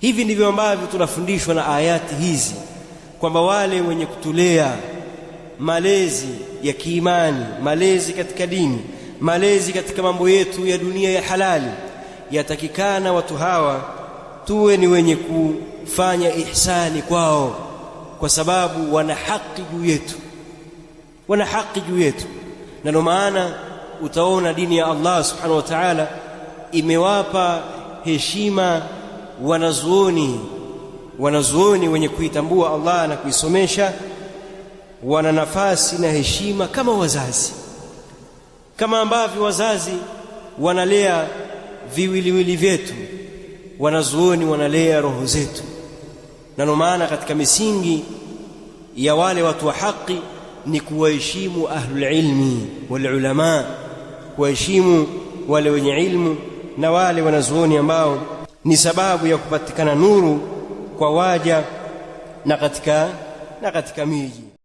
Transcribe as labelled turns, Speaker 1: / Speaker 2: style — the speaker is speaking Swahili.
Speaker 1: Hivi ndivyo ambavyo tunafundishwa na ayati hizi kwamba wale wenye kutulea malezi ya kiimani, malezi katika dini, malezi katika mambo yetu ya dunia ya halali, yatakikana watu hawa tuwe ni wenye kufanya ihsani kwao, kwa sababu wana haki juu yetu, wana haki juu yetu. Na ndio maana utaona dini ya Allah subhanahu wa ta'ala imewapa heshima wanazuoni wanazuoni wenye kuitambua Allah na kuisomesha wana nafasi na heshima kama wazazi, kama ambavyo wazazi wanalea viwiliwili vyetu, wanazuoni wanalea roho zetu. Na ndio maana katika misingi ya wale watu wa haki ni kuwaheshimu ahlulilmi ulama kuwaheshimu wale wenye ilmu na wale wanazuoni ambao ni sababu ya kupatikana nuru kwa waja na katika na katika miji